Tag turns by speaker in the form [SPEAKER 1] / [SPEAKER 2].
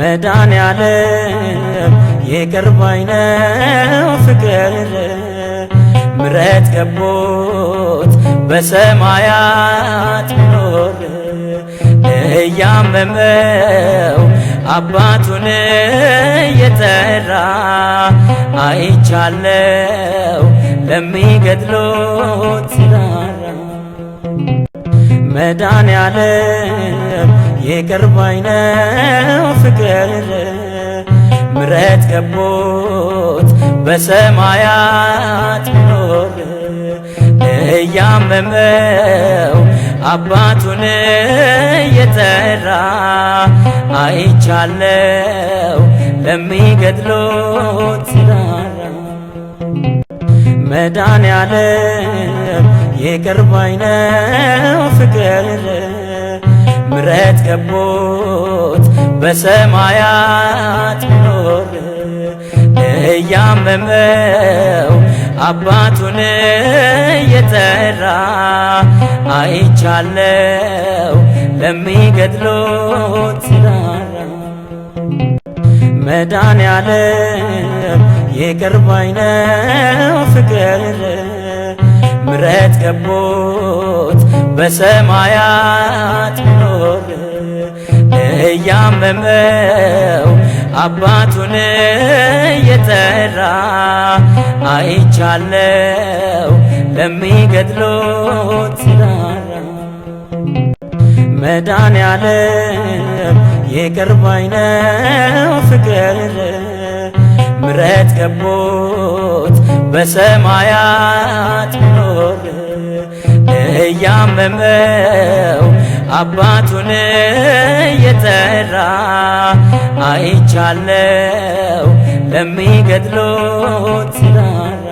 [SPEAKER 1] መዳን ያለ ይቅር ባይ ነው ፍቅር ምረት ከቦት በሰማያት ኖር እያመመው አባቱን እየጠራ አይቻለው ለሚገድሎት ሲራራ መዳን ያለም ይቅር ባይ ነው ፍቅር ምረት ከቦት በሰማያት ኖር እያመመው አባቱን እየጠራ አይቻለው ለሚገድሎት ስራራ መዳን ያለም ይቅር ባይ ነው ፍቅር ምረት ከቦት በሰማያት ኖር እያመመው አባቱን እየጠራ አይቻለው ለሚገድሎት ራራ መድኃኔዓለም ያለ ባይ ነው ፍቅር ምሕረት ከቦት በሰማያት ኖር እያመመው አባቱን እየጠራ አይቻለው ለሚገድሎት ሲራራ መዳን ያለም ይቅር ነው ፍቅር ምረት ከቦት በሰማያት አመመው አባቱን እየጠራ አይቻለው ለሚገድሎት ራራ